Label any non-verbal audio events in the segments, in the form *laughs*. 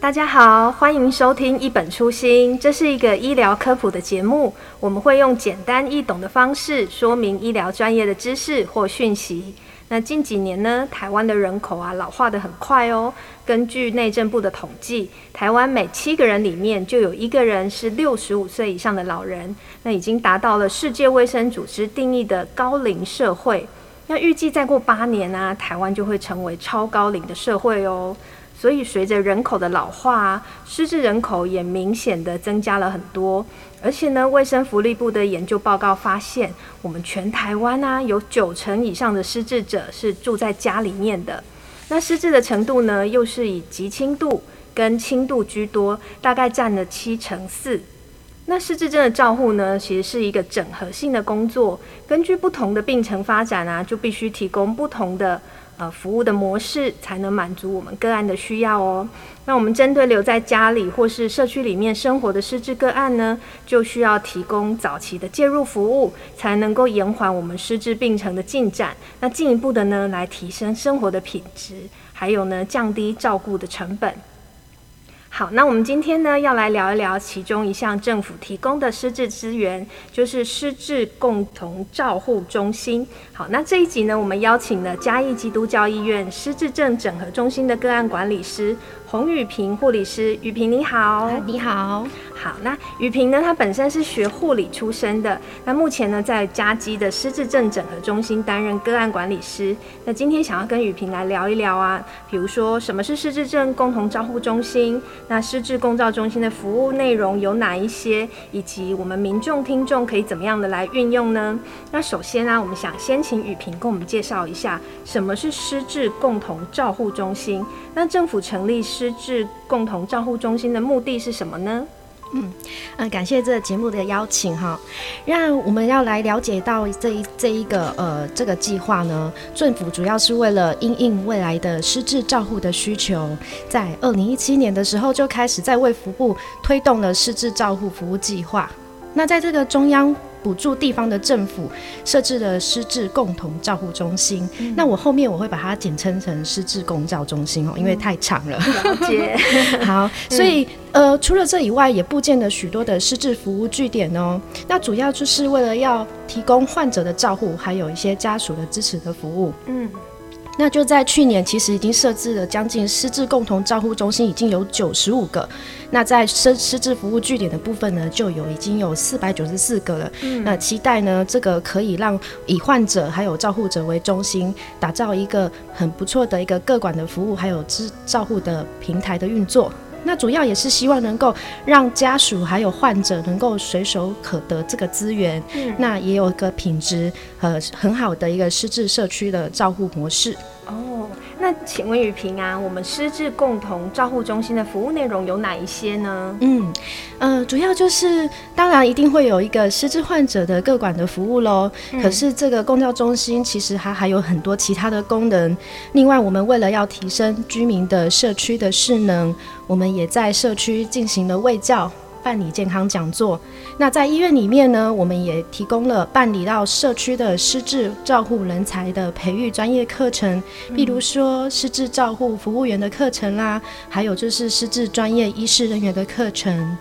大家好，歡迎收聽《一本初心》，這是一個醫療科普的節目。我們會用簡單易懂的方式說明醫療專業的知識或訊息。那近幾年呢，台灣的人口啊老化得很快哦。根據內政部的統計，台灣每七個人裡面就有一個人是六十五歲以上的老人，那已經達到了世界衛生組織定義的高齡社會。那預計再過八年啊，台灣就會成為超高齡的社會哦。所以隨着人口的老化，失智人口也明顯的增加了很多。而且呢，衛生福利部的研究報告發現，我們全台灣啊，有九成以上的失智者是住在家裡面的。那失智的程度呢，又是以極輕度跟輕度居多，大概佔了七成四。那失智症的照護呢，其實是一個整合性的工作，根據不同的病程發展啊，就必須提供不同的。呃，服務的模式才能滿足我們個案的需要哦。那我們針對留在家裡或是社區裡面生活的失智個案呢，就需要提供早期的介入服務，才能夠延緩我們失智病程的進展。那進一步的呢，來提升生活的品質，還有呢，降低照顧的成本。好，那我們今天呢，要來聊一聊其中一項政府提供的失智資源，就是失智共同照護中心。好，那這一集呢，我們邀請了嘉義基督教醫院失智症整合中心的個案管理師。洪宇平護理師，宇平你好、啊，你好，好，那宇平呢，她本身是學護理出身的，那目前呢，在嘉基的失智症整合中心擔任個案管理師。那今天想要跟宇平來聊一聊啊，比如說什麼是失智症共同照護中心？那失智共照中心的服務內容有哪一些？以及我們民眾聽眾可以怎麼樣的來運用呢？那首先呢、啊，我們想先請宇平跟我們介紹一下什麼是失智共同照護中心？那政府成立時，失智共同照護中心的目的是什麼呢？嗯、呃，感謝這個節目的邀請哈，讓我們要來了解到這一這一個呃這個計劃呢，政府主要是為了因應未來的失智照護的需求，在二零一七年的時候就開始在衛福部推動了失智照護服務計劃，那在這個中央。補助地方的政府設置了失智共同照護中心、嗯，那我後面我會把它簡稱成失智共照中心哦，因為太長了。嗯、了解。 *laughs* 好、嗯，所以呃，除了這以外，也布建了許多的失智服務據點哦。那主要就是為了要提供患者的照護，還有一些家屬的支持的服務。嗯。那就在去年，其實已經設置了將近失智共同照護中心，已經有九十五個。那在失失智服務據點的部分呢，就有已經有四百九十四個了，嗯。那期待呢，這個可以讓以患者還有照護者為中心，打造一個很不錯的一個個管的服務，還有支照護的平台的運作。那主要也是希望能夠讓家屬還有患者能夠隨手可得這個資源，嗯，那也有一個品質和很好的一個失智社區的照護模式，哦那請問宇平啊，我們失智共同照護中心的服務內容有哪一些呢？嗯，呃，主要就是，當然一定會有一個失智患者的個管的服務嘍、嗯。可是這個共照中心其實它還有很多其他的功能。另外，我們為了要提升居民的社區的勢能，我們也在社區進行了衛教。辦理健康講座，那在醫院裡面呢，我們也提供了辦理到社區的失智照護人才的培育專業課程，譬如說失智照護服務員的課程啦，還有就是失智專業醫事人員的課程。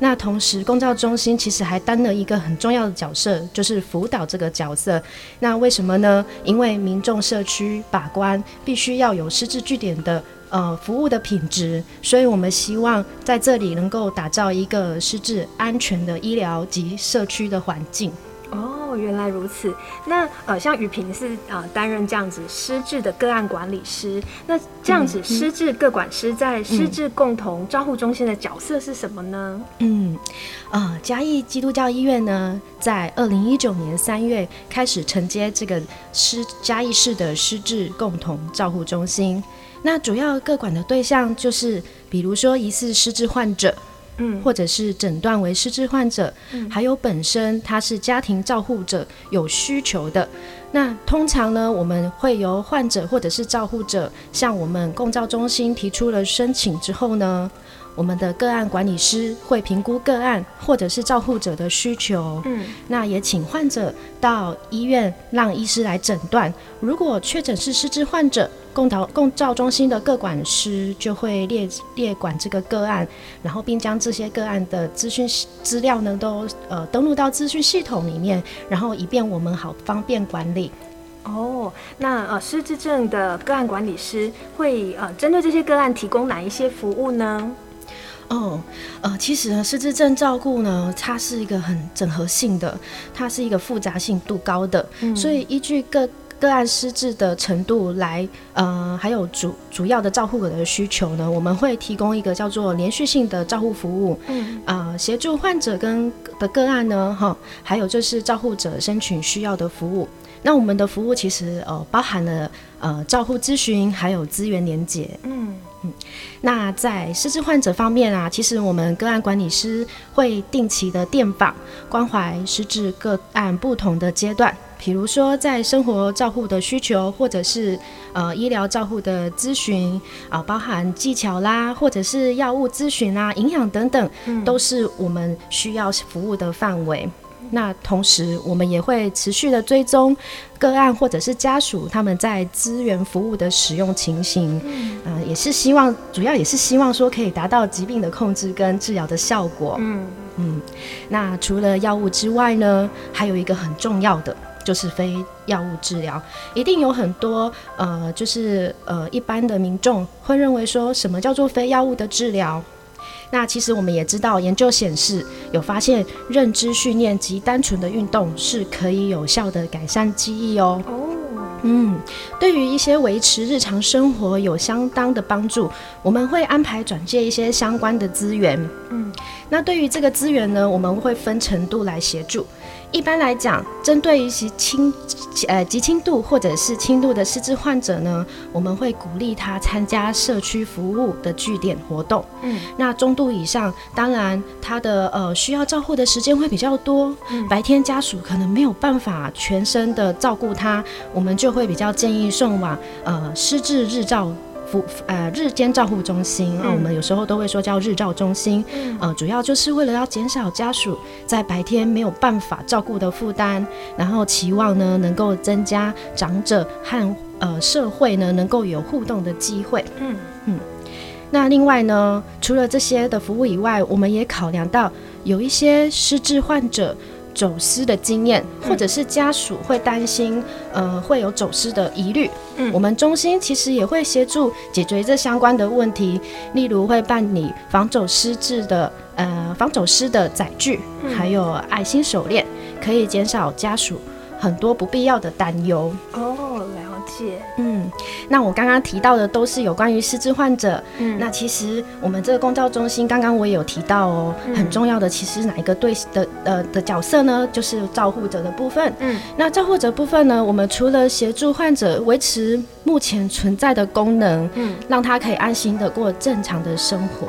那同時，共照中心其實還擔了一個很重要的角色，就是輔導這個角色。那為什麼呢？因為民眾社區把關，必須要有失智據點的。呃，服務的品質，所以我們希望在這裡能夠打造一個失智安全的醫療及社區的環境。哦，原來如此。那呃，像雨萍是呃，擔任這樣子失智的個案管理師。那這樣子失智個管師在失智共同照護中心的角色是什麼呢？嗯，嗯，呃，嘉義基督教醫院呢，在二零一九年三月開始承接這個失嘉義市的失智共同照護中心。那主要個管的對象就是，比如說疑似失智患者，嗯，或者是診斷為失智患者，嗯，還有本身他是家庭照護者有需求的。那通常呢，我們會由患者或者是照護者向我們共照中心提出了申請之後呢。我們的個案管理師會評估個案或者是照護者的需求，嗯，那也請患者到醫院讓醫師來診斷。如果確診是失智患者，共照共照中心的個管師就會列列管這個個案，然後並將這些個案的資訊資料呢，都呃登錄到資訊系統裡面，然後以便我們好方便管理。哦，那呃失智症的個案管理師會呃針對這些個案提供哪一些服務呢？哦、oh，呃，其實呢，失智症照顧呢，它是一個很整合性的，它是一個複雜性度高的，嗯、所以依據個個案失智的程度來，呃，還有主主要的照護者的需求呢，我們會提供一個叫做連續性的照護服務，嗯，啊、呃，協助患者跟的個案呢，哈，還有就是照護者申請需要的服務。那我們的服務其實呃包含了呃照護諮詢，還有資源連結。嗯嗯。那在失智患者方面啊，其實我們個案管理師會定期的電訪關懷失智個案不同的階段，比如說在生活照護的需求，或者是呃醫療照護的諮詢啊，包含技巧啦，或者是藥物諮詢啊、營養等等，嗯，都是我們需要服務的範圍。那同時，我們也會持續的追蹤個案或者是家屬他們在資源服務的使用情形，嗯，也是希望，主要也是希望說可以達到疾病的控制跟治療的效果，嗯嗯。那除了藥物之外呢，還有一個很重要的就是非藥物治療，一定有很多呃，就是呃一般的民眾會認為說什麼叫做非藥物的治療？那其實我們也知道，研究顯示有發現認知訓練及單純的運動是可以有效的改善記憶哦，哦。嗯，對於一些維持日常生活有相當的幫助，我們會安排轉介一些相關的資源。嗯，那對於這個資源呢，我們會分程度來協助。一般來講，針對於其輕，呃，極輕度或者是輕度的失智患者呢，我們會鼓勵他參加社區服務的據點活動。嗯，那中度以上，當然他的呃需要照顧的時間會比較多。嗯。白天家屬可能沒有辦法全身的照顧他，我們就會比較建議送往呃失智日照。呃，日間照護中心，那、嗯啊、我們有時候都會說叫日照中心，嗯，啊、主要就是為了要減少家屬在白天沒有辦法照顧的負擔，然後期望呢能夠增加長者和呃社會呢能夠有互動的機會。嗯嗯，那另外呢，除了這些的服務以外，我們也考量到有一些失智患者，走失的經驗，或者是家屬會擔心、嗯，呃，會有走失的疑慮、嗯。我們中心其實也會協助解決這相關的問題，例如會辦理防走失制的，呃，防走失的載具，還有愛心手鏈，可以減少家屬很多不必要的擔憂。哦。嗯，那我剛剛提到的都是有關於失智患者。嗯，那其實我們這個共照中心，剛剛我也有提到哦、喔嗯，很重要的其實哪一個對的呃的，的，的角色呢？就是照護者的部分。嗯，那照護者部分呢，我們除了協助患者維持目前存在的功能，嗯，讓他可以安心的過正常的生活，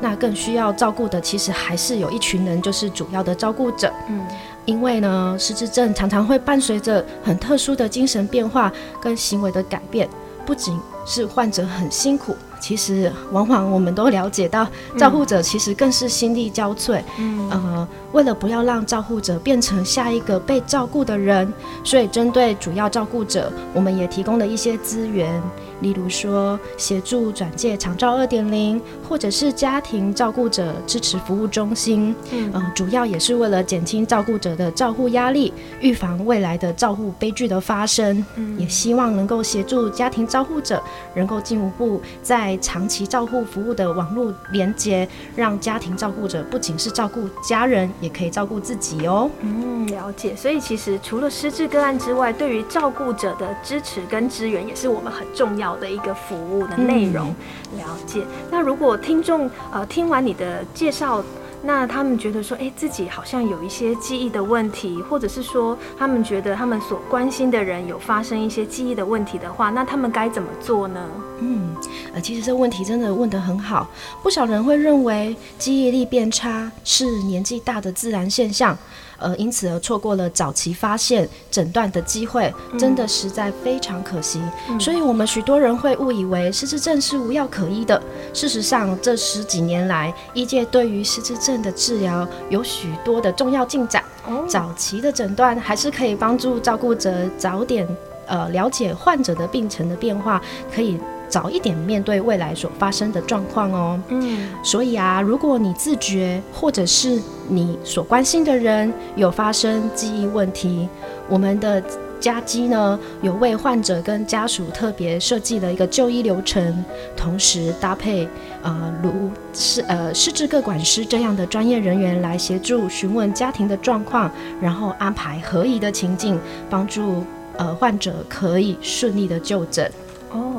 那更需要照顧的其實還是有一群人，就是主要的照顧者。嗯。因為呢，失智症常常會伴隨着很特殊的精神變化跟行為的改變，不僅是患者很辛苦。其實，往往我們都了解到，照顧者其實更是心力交瘁。嗯，呃，為了不要讓照顧者變成下一個被照顧的人，所以針對主要照顧者，我們也提供了一些資源，例如說協助轉介長照二點零，或者是家庭照顧者支持服務中心。嗯，呃，主要也是為了減輕照顧者的照護壓力，預防未來的照護悲劇的發生。嗯，也希望能夠協助家庭照顧者能夠進一步在。長期照顧服務的網絡連接，讓家庭照顧者不僅是照顧家人，也可以照顧自己哦。嗯，了解。所以其實除了失智個案之外，對於照顧者的支持跟支援，也是我們很重要的一個服務的內容。嗯、了解。那如果聽眾呃聽完你的介紹，那他們覺得說，哎、欸，自己好像有一些記憶的問題，或者是說他們覺得他們所關心的人有發生一些記憶的問題的話，那他們該怎麼做呢？嗯。呃，其實這個問題真的問得很好。不少人會認為記憶力變差是年紀大的自然現象，呃，因此而錯過了早期發現診斷的機會，真的實在非常可惜。嗯。所以，我們許多人會誤以為失智症是無藥可醫的。事實上，這十幾年來，醫界對於失智症的治療有許多的重要進展。嗯。早期的診斷還是可以幫助照顧者早點呃了解患者的病程的變化，可以。早一點面對未來所發生的狀況哦。嗯，所以啊，如果你自覺或者是你所關心的人有發生記憶問題，我們的嘉基呢，有為患者跟家屬特別設計了一個就醫流程，同時搭配呃如是呃失智個管師這樣的專業人員來協助詢問家庭的狀況，然後安排合宜的情境，幫助呃患者可以順利的就診。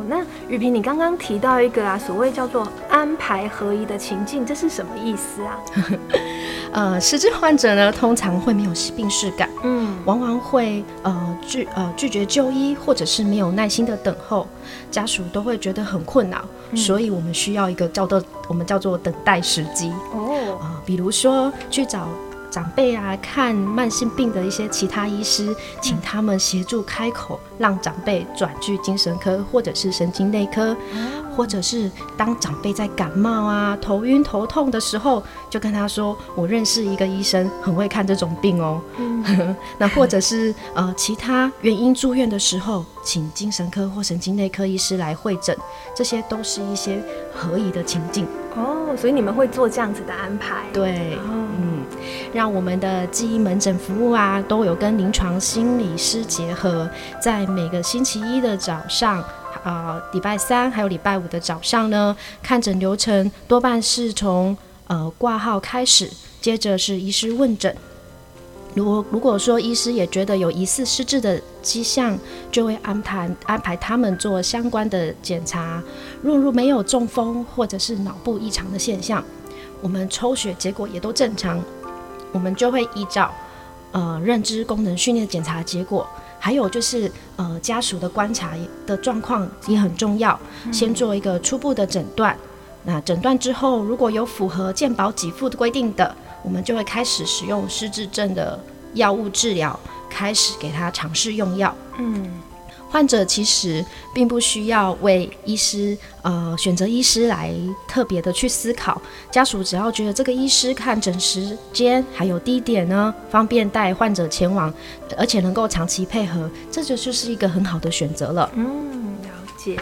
那宇平，你剛剛提到一個啊，所謂叫做安排合一的情境，這是什麼意思啊？ *laughs* 呃，失智患者呢，通常會沒有病識感，嗯，往往會呃拒呃拒絕就醫，或者是沒有耐心的等候，家屬都會覺得很困擾，嗯，所以我們需要一個叫做我們叫做等待時機哦啊、呃，比如說去找。長輩啊，看慢性病的一些其他醫師，請他們協助開口，讓長輩轉去精神科或者是神經內科、嗯，或者是當長輩在感冒啊、頭暈頭痛的時候，就跟他說：“我認識一個醫生，很會看這種病哦、喔。嗯” *laughs* 那或者是呃其他原因住院的時候，請精神科或神經內科醫師來會診，這些都是一些合宜的情境哦。所以你們會做這樣子的安排，對。嗯讓我們的記憶門診服務啊，都有跟臨床心理師結合。在每個星期一的早上，呃，禮拜三還有禮拜五的早上呢，看診流程多半是從呃掛號開始，接着是醫師問診。如果如果說醫師也覺得有疑似失智的跡象，就會安排安排他們做相關的檢查。若如沒有中風或者是腦部異常的現象，我們抽血結果也都正常。我們就會依照，呃，認知功能訓練的檢查結果，還有就是呃，家屬的觀察的狀況也很重要，嗯。先做一個初步的診斷。那診斷之後，如果有符合健保給付的規定的，我們就會開始使用失智症的藥物治療，開始給他嘗試用藥。嗯。患者，其實並不需要為醫師呃選擇醫師來特別的去思考，家屬只要覺得這個醫師看診時間還有地點呢，方便帶患者前往，而且能夠長期配合，這就就是一個很好的選擇了。嗯，了解。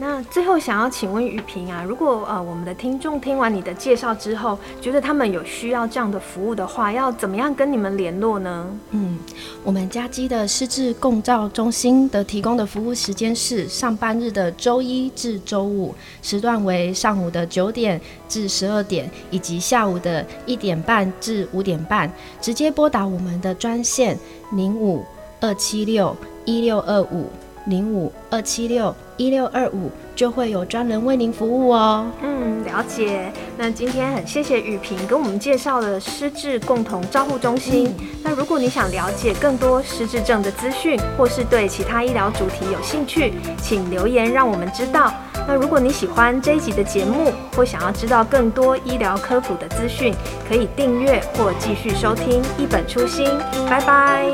那最後想要請問宇平啊，如果呃我們的聽眾聽完你的介紹之後，覺得他們有需要這樣的服務的話，要怎麼樣跟你們聯絡呢？嗯，我們嘉基的失智共照中心的提供的服務時間是上班日的周一至周五，時段為上午的九點至十二點，以及下午的一點半至五點半，直接撥打我們的專線零五二七六一六二五。零五二七六一六二五就會有專人為您服務哦。嗯，了解。那今天很謝謝宇平跟我們介紹了失智共同照護中心。嗯。那如果你想了解更多失智症的資訊，或是對其他醫療主題有興趣，請留言讓我們知道。那如果你喜歡這一集的節目，或想要知道更多醫療科普的資訊，可以訂閱或繼續收聽《一本初心》。拜拜。